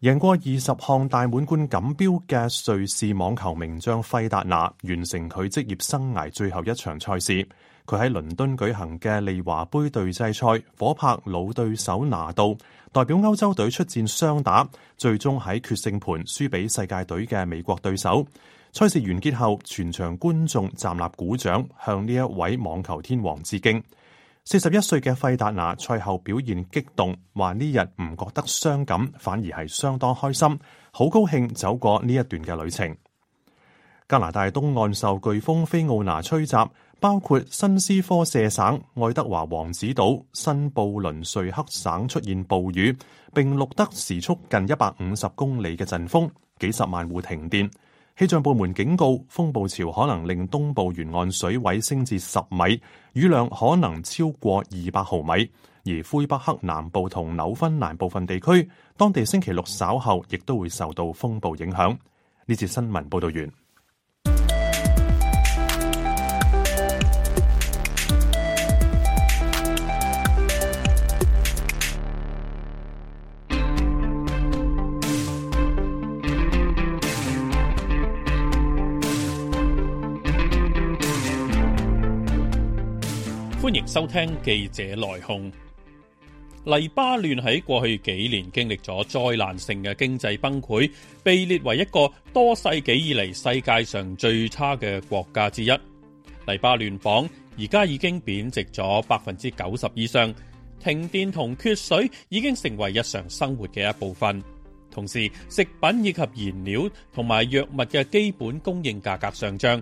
贏過二十項大滿貫錦標嘅瑞士網球名將費達拿，完成佢職業生涯最後一場賽事。佢喺倫敦舉行嘅利華盃對制賽，火拍老對手拿度，代表歐洲隊出戰雙打，最終喺決勝盤輸俾世界隊嘅美國對手。賽事完結後，全場觀眾站立鼓掌，向呢一位網球天王致敬。四十一歲嘅費達拿賽後表現激動，話呢日唔覺得傷感，反而係相當開心，好高興走過呢一段嘅旅程。加拿大東岸受颶風菲奧拿吹襲，包括新斯科舍省、愛德華王子島、新布倫瑞克省，出現暴雨，並錄得時速近一百五十公里嘅陣風，幾十萬戶停電。氣象部門警告，風暴潮可能令東部沿岸水位升至十米，雨量可能超過二百毫米。而魁北克南部同紐芬蘭部分地區，當地星期六稍後亦都會受到風暴影響。呢節新聞報道完。
收聽記者來鴻。黎巴嫩喺過去幾年經歷咗災難性嘅經濟崩潰，被列為一個多世紀以嚟世界上最差嘅國家之一。黎巴嫩鎊而家已經貶值咗百分之九十以上，停電同缺水已經成為日常生活嘅一部分。同時，食品以及燃料同埋藥物嘅基本供應價格上漲。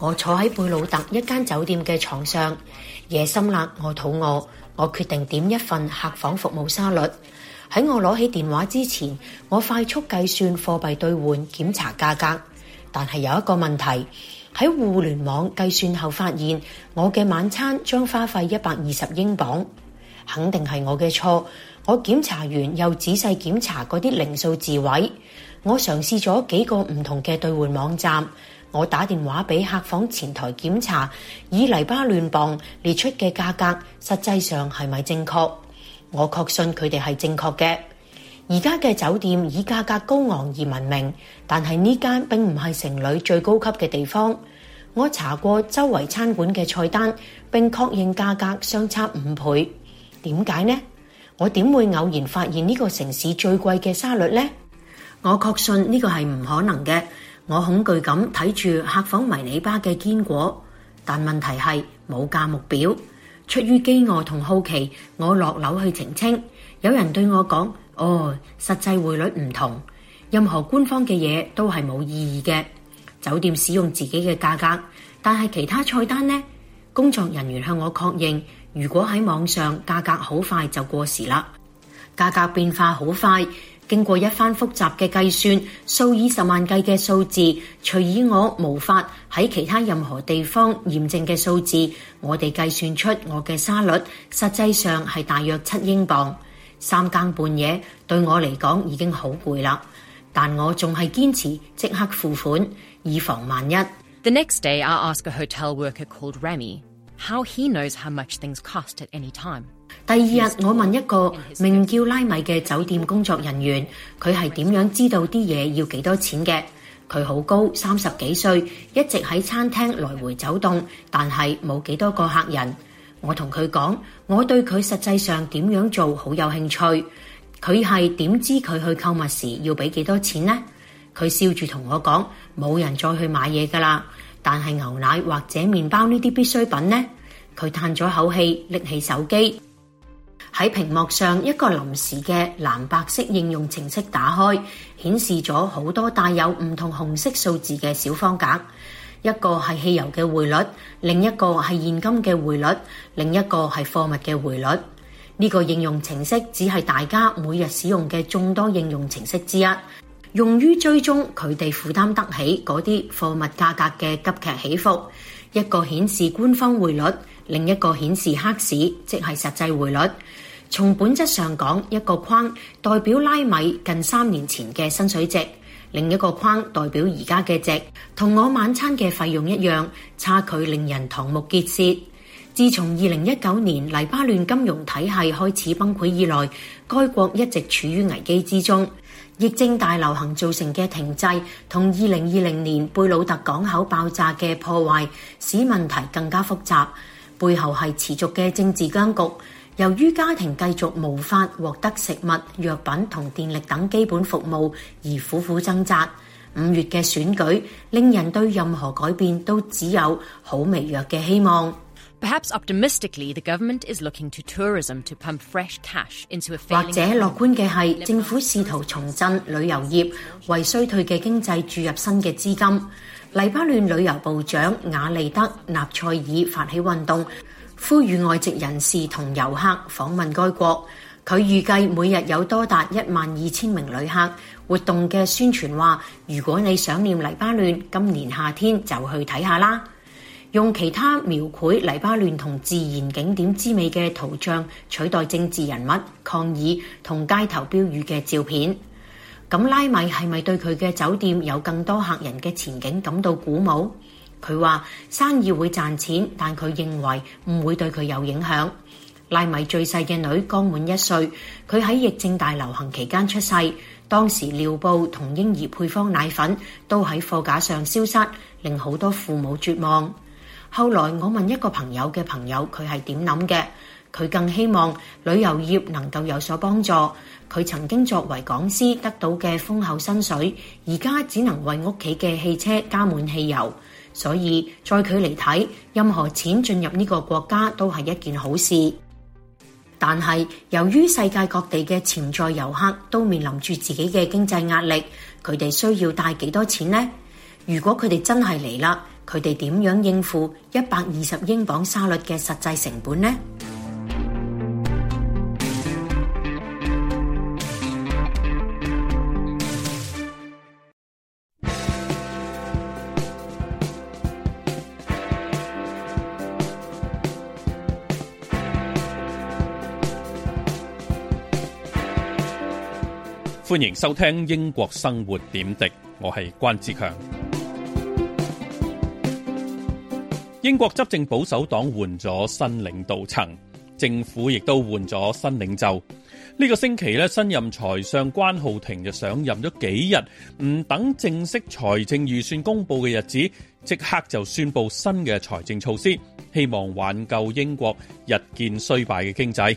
我坐喺貝魯特一間酒店嘅床上，夜深啦，我肚餓，我決定點一份客房服務沙律。喺我攞起電話之前，我快速計算貨幣兌換，檢查價格。但係有一個問題，喺互聯網計算後發現，我嘅晚餐將花費一百二十英鎊，肯定係我嘅錯。我檢查完又仔細檢查嗰啲零數字位，我嘗試咗幾個唔同嘅兌換網站。我打電話俾客房前台檢查，以黎巴嫩鎊列出嘅價格，實際上係咪正確？我確信佢哋係正確嘅。而家嘅酒店以價格高昂而聞名，但係呢間並唔係城裏最高級嘅地方。我查過周圍餐館嘅菜單，並確認價格相差五倍。點解呢？我點會偶然發現呢個城市最貴嘅沙律呢？我確信呢個係唔可能嘅。我恐懼咁睇住客房迷你吧嘅堅果，但問題係冇價目表。出於飢餓同好奇，我落樓去澄清。有人對我講：哦，實際匯率唔同，任何官方嘅嘢都係冇意義嘅。酒店使用自己嘅價格，但係其他菜單呢？工作人員向我確認，如果喺網上價格好快就過時啦，價格變化好快。經過一番複雜嘅計算，數以十萬計嘅數字，除以我無法喺其他任何地方驗證嘅數字，我哋計算出我嘅沙律，實際上係大約七英鎊。三更半夜對我嚟講已經好攰啦，但我仲係堅持即刻付款，以防萬一。The next day，I ask a hotel worker called Remy how he knows how much things cost at any time. 第二日，我問一個名叫拉米嘅酒店工作人員，佢係點樣知道啲嘢要幾多錢嘅？佢好高，三十幾歲，一直喺餐廳來回走動，但係冇幾多個客人。我同佢講，我對佢實際上點樣做好有興趣。佢係點知佢去購物時要俾幾多錢呢？佢笑住同我講，冇人再去買嘢㗎啦，但係牛奶或者麵包呢啲必需品呢？佢嘆咗口氣，拎起手機。喺屏幕上一個臨時嘅藍白色應用程式打開，顯示咗好多帶有唔同紅色數字嘅小方格，一個係汽油嘅匯率，另一個係現金嘅匯率，另一個係貨物嘅匯率。呢個應用程式只係大家每日使用嘅眾多應用程式之一，用於追蹤佢哋負擔得起嗰啲貨物價格嘅急劇起伏。一個顯示官方匯率。另一個顯示黑市，即係實際匯率。從本質上講，一個框代表拉米近三年前嘅薪水值，另一個框代表而家嘅值，同我晚餐嘅費用一樣，差距令人瞠目結舌。自從二零一九年黎巴嫩金融體系開始崩潰以來，該國一直處於危機之中。疫症大流行造成嘅停滯，同二零二零年貝魯特港口爆炸嘅破壞，使問題更加複雜。背後係持續嘅政治僵局，由於家庭繼續無法獲得食物、藥品同電力等基本服務而苦苦掙扎。五月嘅選舉令人對任何改變都只有好微弱嘅希望。Perhaps, optimistically, the government is looking to tourism to pump fresh cash into a failing country. 或者樂觀嘅係，政府試圖重振旅遊業，為衰退嘅經濟注入新嘅資金。黎巴嫩旅遊部長雅利德納塞爾發起運動，呼籲外籍人士同遊客訪問該國。佢預計每日有多達一萬二千名旅客。活動嘅宣傳話：如果你想念黎巴嫩，今年夏天就去睇下啦！用其他描繪黎巴嫩同自然景點之美嘅圖像取代政治人物、抗議同街頭標語嘅照片。咁拉米係咪對佢嘅酒店有更多客人嘅前景感到鼓舞？佢話生意會賺錢，但佢認為唔會對佢有影響。拉米最細嘅女剛滿一歲，佢喺疫症大流行期間出世，當時尿布同嬰兒配方奶粉都喺貨架上消失，令好多父母絕望。後來我問一個朋友嘅朋友，佢係點諗嘅？佢更希望旅遊業能夠有所幫助。佢曾經作為講師得到嘅豐厚薪水，而家只能為屋企嘅汽車加滿汽油。所以，在佢嚟睇，任何錢進入呢個國家都係一件好事。但係由於世界各地嘅潛在遊客都面臨住自己嘅經濟壓力，佢哋需要帶幾多錢呢？如果佢哋真係嚟啦，佢哋點樣應付一百二十英鎊沙律嘅實際成本呢？
歡迎收聽英國生活點滴，我係關志強。英國執政保守黨換咗新領導層，政府亦都換咗新領袖。呢個星期咧，新任財相關浩庭就上任咗幾日，唔等正式財政預算公布嘅日子，即刻就宣布新嘅財政措施，希望挽救英國日漸衰敗嘅經濟。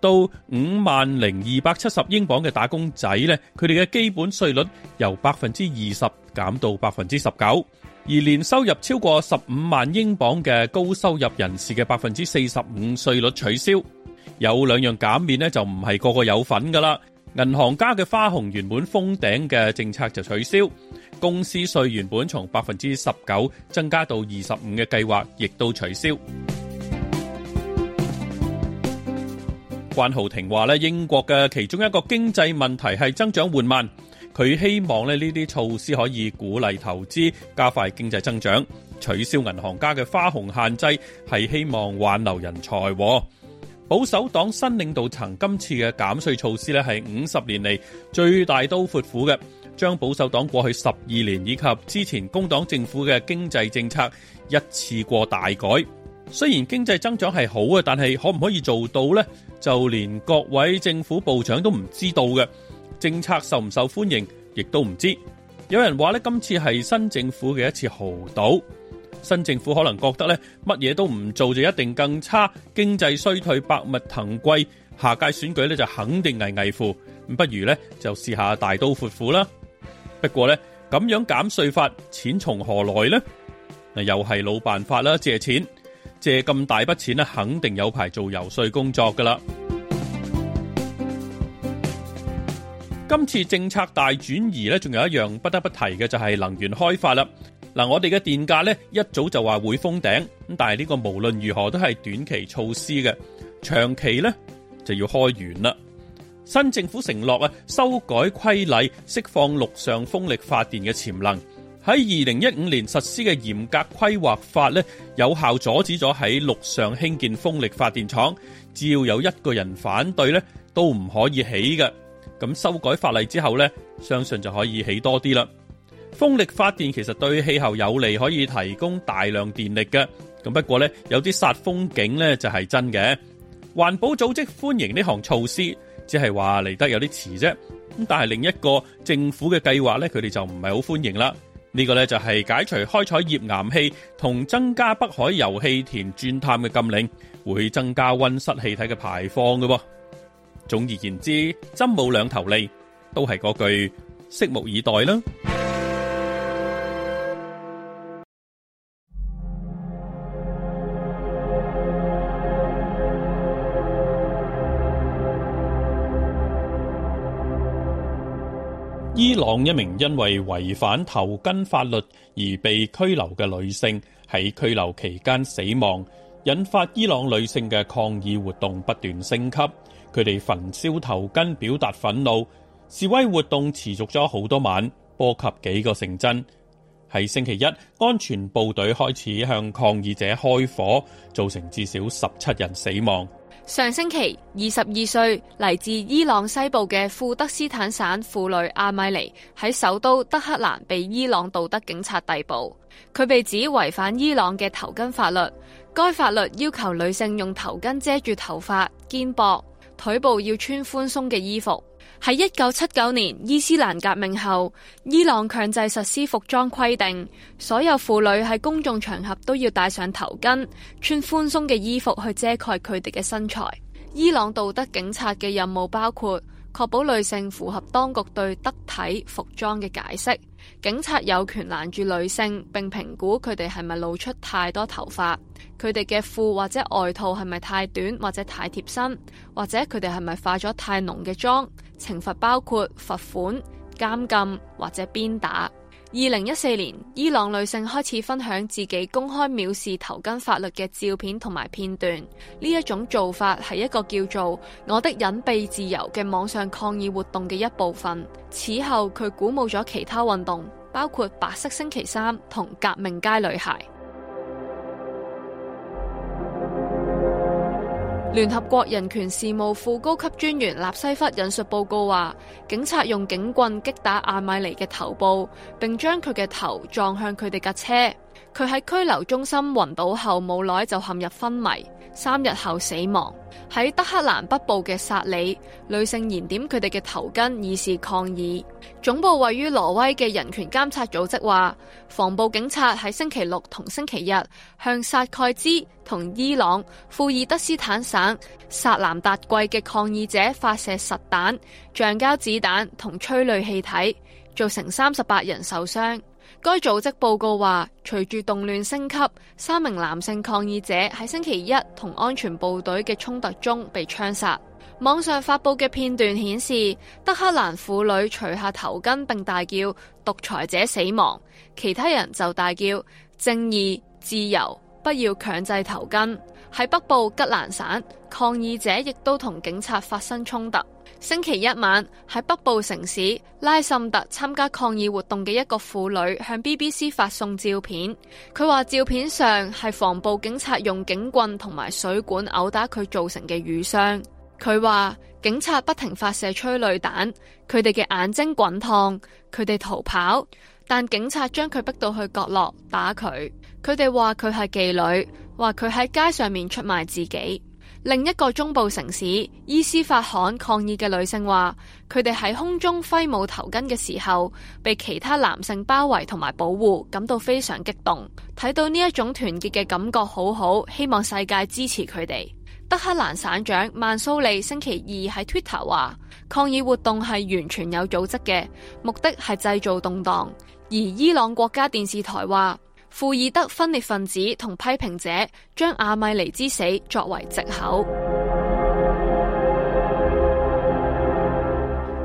到五萬零二百七十英鎊嘅打工仔呢，佢哋嘅基本稅率由百分之二十減到百分之十九，而年收入超過十五萬英鎊嘅高收入人士嘅百分之四十五稅率取消。有兩樣減免呢，就唔係個個有份噶啦，銀行家嘅花紅原本封頂嘅政策就取消，公司稅原本從百分之十九增加到二十五嘅計劃亦都取消。關豪庭話咧，英國嘅其中一個經濟問題係增長緩慢。佢希望咧，呢啲措施可以鼓勵投資，加快經濟增長。取消銀行家嘅花紅限制係希望挽留人才。保守黨新領導層今次嘅減稅措施咧，係五十年嚟最大刀闊斧嘅，將保守黨過去十二年以及之前工黨政府嘅經濟政策一次過大改。雖然經濟增長係好啊，但係可唔可以做到呢？就連各位政府部長都唔知道嘅政策受唔受歡迎，亦都唔知。有人話咧，今次係新政府嘅一次豪賭。新政府可能覺得咧，乜嘢都唔做就一定更差，經濟衰退，百物騰貴，下屆選舉咧就肯定危危乎。不如咧就試下大刀闊斧啦。不過咧咁樣減稅法，錢從何來呢？又係老辦法啦，借錢。借咁大筆錢咧，肯定有排做游說工作噶啦。今次政策大轉移咧，仲有一樣不得不提嘅就係能源開發啦。嗱，我哋嘅電價咧一早就話會封頂，咁但係呢個無論如何都係短期措施嘅，長期呢就要開源啦。新政府承諾啊，修改規例，釋放陸上風力發電嘅潛能。喺二零一五年實施嘅嚴格規劃法咧，有效阻止咗喺陸上興建風力發電廠。只要有一個人反對咧，都唔可以起嘅。咁修改法例之後咧，相信就可以起多啲啦。風力發電其實對氣候有利，可以提供大量電力嘅。咁不過咧，有啲煞風景咧就係真嘅。環保組織歡迎呢項措施，只係話嚟得有啲遲啫。咁但係另一個政府嘅計劃咧，佢哋就唔係好歡迎啦。呢個呢，就係解除開採頁岩氣同增加北海油氣田鑽探嘅禁令，會增加溫室氣體嘅排放嘅。總而言之，針冇兩頭利，都係嗰句，拭目以待啦。伊朗一名因為違反頭巾法律而被拘留嘅女性，喺拘留期間死亡，引發伊朗女性嘅抗議活動不斷升級。佢哋焚燒頭巾表達憤怒，示威活動持續咗好多晚，波及幾個城鎮。喺星期一，安全部隊開始向抗議者開火，造成至少十七人死亡。
上星期，二十二歲嚟自伊朗西部嘅庫德斯坦省婦女阿米尼喺首都德黑蘭被伊朗道德警察逮捕，佢被指違反伊朗嘅頭巾法律。該法律要求女性用頭巾遮住頭髮、肩膊、腿部，要穿寬鬆嘅衣服。喺一九七九年伊斯蘭革命後，伊朗強制實施服裝規定，所有婦女喺公眾場合都要戴上頭巾，穿寬鬆嘅衣服去遮蓋佢哋嘅身材。伊朗道德警察嘅任務包括確保女性符合當局對得體服裝嘅解釋。警察有權攔住女性，並評估佢哋係咪露出太多頭髮，佢哋嘅褲或者外套係咪太短或者太貼身，或者佢哋係咪化咗太濃嘅妝。懲罰包括罰款、監禁或者鞭打。二零一四年，伊朗女性開始分享自己公開藐視頭巾法律嘅照片同埋片段。呢一種做法係一個叫做「我的隱蔽自由」嘅網上抗議活動嘅一部分。此後，佢鼓舞咗其他運動，包括白色星期三同革命街女孩。聯合國人權事務副高級專員納西弗引述報告話，警察用警棍擊打阿米尼嘅頭部，並將佢嘅頭撞向佢哋架車。佢喺拘留中心暈倒後，冇耐就陷入昏迷。三日後死亡。喺德黑蘭北部嘅薩里，女性燃點佢哋嘅頭巾以示抗議。總部位於挪威嘅人權監察組織話，防暴警察喺星期六同星期日向薩蓋茲同伊朗庫爾德斯坦省薩南達季嘅抗議者發射實彈、橡膠子彈同催淚氣體，造成三十八人受傷。該組織報告話，隨住動亂升級，三名男性抗議者喺星期一同安全部隊嘅衝突中被槍殺。網上發佈嘅片段顯示，德黑蘭婦女除下頭巾並大叫“獨裁者死亡”，其他人就大叫“正義、自由，不要強制頭巾”。喺北部吉蘭省，抗議者亦都同警察發生衝突。星期一晚喺北部城市拉什特參加抗議活動嘅一個婦女向 BBC 發送照片，佢話照片上係防暴警察用警棍同埋水管毆打佢造成嘅瘀傷。佢話警察不停發射催淚彈，佢哋嘅眼睛滾燙，佢哋逃跑，但警察將佢逼到去角落打佢，佢哋話佢係妓女。話佢喺街上面出賣自己。另一個中部城市伊斯法罕抗議嘅女性話：佢哋喺空中揮舞頭巾嘅時候，被其他男性包圍同埋保護，感到非常激動。睇到呢一種團結嘅感覺好好，希望世界支持佢哋。德黑蘭省長曼蘇利星期二喺 Twitter 話：抗議活動係完全有組織嘅，目的係製造動蕩。而伊朗國家電視台話，庫爾德分裂分子同批評者將阿米尼之死作為藉口。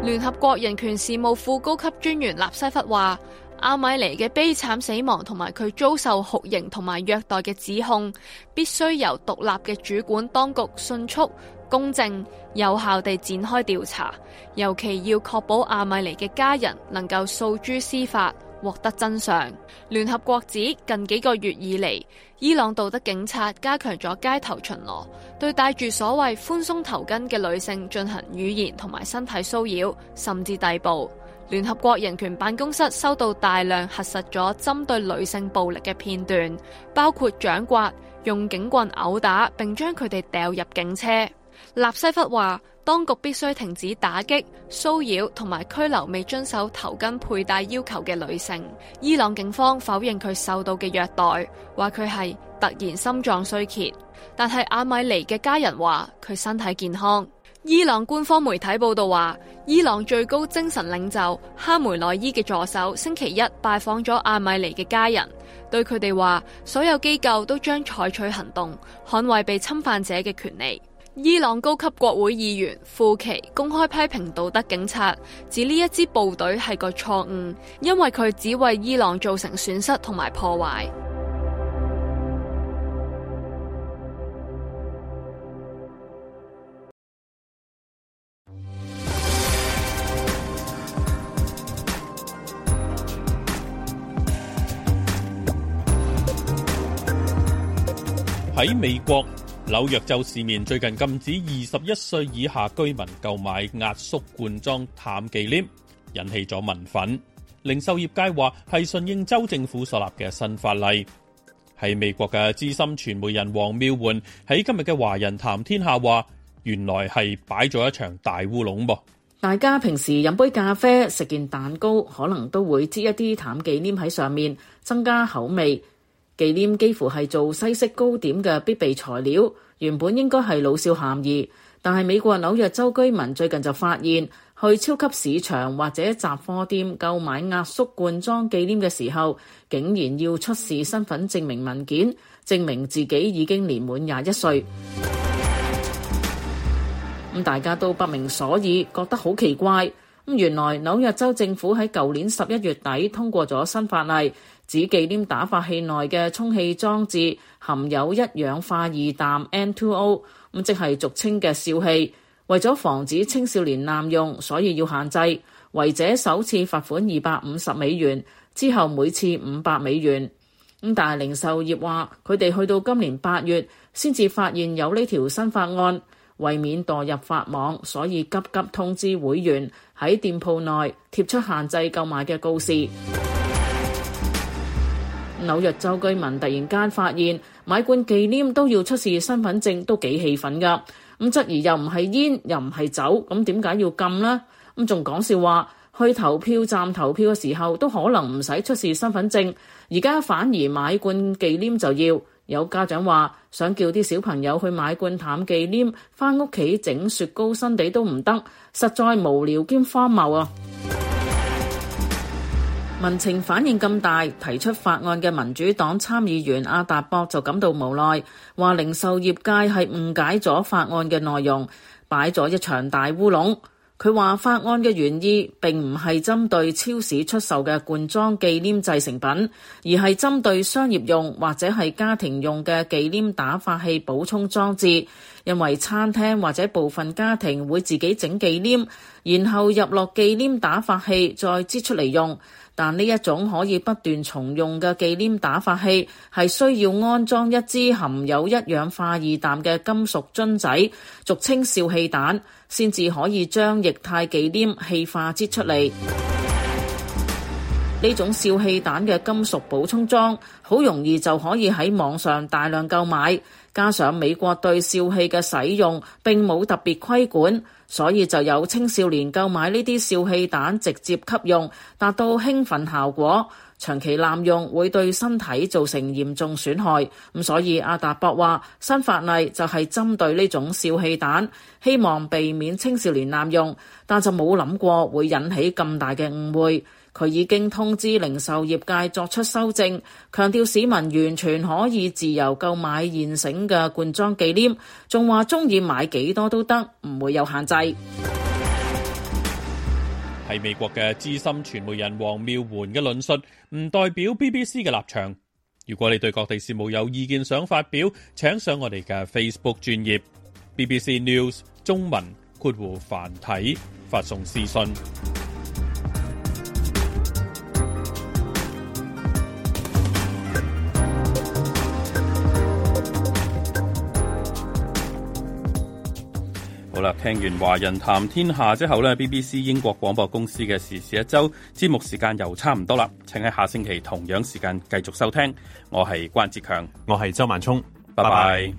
聯 合國人權事務副高級專員納西弗話：阿米尼嘅悲慘死亡同埋佢遭受酷刑同埋虐待嘅指控，必須由獨立嘅主管當局迅速、公正、有效地展開調查，尤其要確保阿米尼嘅家人能夠訴諸司法。獲得真相。聯合國指，近幾個月以嚟，伊朗道德警察加強咗街頭巡邏，對戴住所謂寬鬆頭巾嘅女性進行語言同埋身體騷擾，甚至逮捕。聯合國人權辦公室收到大量核實咗針對女性暴力嘅片段，包括掌摑、用警棍毆打，並將佢哋掉入警車。納西弗話。當局必須停止打擊、騷擾同埋拘留未遵守頭巾佩戴要求嘅女性。伊朗警方否認佢受到嘅虐待，話佢係突然心臟衰竭。但係阿米尼嘅家人話佢身體健康。伊朗官方媒體報道話，伊朗最高精神領袖哈梅內伊嘅助手星期一拜訪咗阿米尼嘅家人，對佢哋話所有機構都將採取行動，捍衛被侵犯者嘅權利。伊朗高級國會議員庫奇公開批評道德警察，指呢一支部隊係個錯誤，因為佢只為伊朗造成損失同埋破壞。
喺美國。紐約州市面最近禁止二十一歲以下居民購買壓縮罐裝淡忌廉，引起咗民憤。零售業界話係順應州政府所立嘅新法例。喺美國嘅資深傳媒人王妙媛喺今日嘅華人談天下話，原來係擺咗一場大烏龍噃。
大家平時飲杯咖啡、食件蛋糕，可能都會擠一啲淡忌廉喺上面，增加口味。忌廉幾乎係做西式糕點嘅必備材料，原本應該係老少咸宜，但係美國紐約州居民最近就發現，去超級市場或者雜貨店購買壓縮罐裝忌廉嘅時候，竟然要出示身份證明文件，證明自己已經年滿廿一歲。咁大家都不明所以，覺得好奇怪。咁原來紐約州政府喺舊年十一月底通過咗新法例。指忌廉打發器內嘅充氣裝置含有一氧化二氮 （N2O），咁即係俗稱嘅笑氣。為咗防止青少年濫用，所以要限制。違者首次罰款二百五十美元，之後每次五百美元。咁但係零售業話佢哋去到今年八月先至發現有呢條新法案，為免墮入法網，所以急急通知會員喺店鋪內貼出限制購買嘅告示。紐約州居民突然間發現買罐忌廉都要出示身份證，都幾氣憤㗎。咁質疑又唔係煙，又唔係酒，咁點解要禁呢？咁仲講笑話，去投票站投票嘅時候都可能唔使出示身份證，而家反而買罐忌廉就要。有家長話想叫啲小朋友去買罐淡忌廉，返屋企整雪糕、新地都唔得，實在無聊兼荒謬啊！民情反應咁大，提出法案嘅民主黨參議員阿達博就感到無奈，話零售業界係誤解咗法案嘅內容，擺咗一場大烏龍。佢話法案嘅原意並唔係針對超市出售嘅罐裝忌廉製成品，而係針對商業用或者係家庭用嘅忌廉打發器補充裝置。因為餐廳或者部分家庭會自己整忌廉，然後入落忌廉打發器再擠出嚟用。但呢一種可以不斷重用嘅忌廉打發器，係需要安裝一支含有一氧化二氮嘅金屬樽仔，俗稱笑氣彈，先至可以將液態忌廉氣化擠出嚟。呢 種笑氣彈嘅金屬補充裝，好容易就可以喺網上大量購買，加上美國對笑氣嘅使用並冇特別規管。所以就有青少年購買呢啲笑氣彈直接吸用，達到興奮效果。長期濫用會對身體造成嚴重損害。咁所以阿達博話新法例就係針對呢種笑氣彈，希望避免青少年濫用，但就冇諗過會引起咁大嘅誤會。佢已經通知零售業界作出修正，強調市民完全可以自由購買現成嘅罐裝忌廉，仲話中意買幾多都得，唔會有限制。
係美國嘅資深傳媒人黃妙緩嘅論述，唔代表 BBC 嘅立場。如果你對各地事務有意見想發表，請上我哋嘅 Facebook 專業 BBC News 中文括弧繁體發送私信。啦，聽完華人談天下之後呢，BBC 英國廣播公司嘅時事一周節目時間又差唔多啦，請喺下星期同樣時間繼續收聽。我係關智強，我係周萬聰，bye bye 拜拜。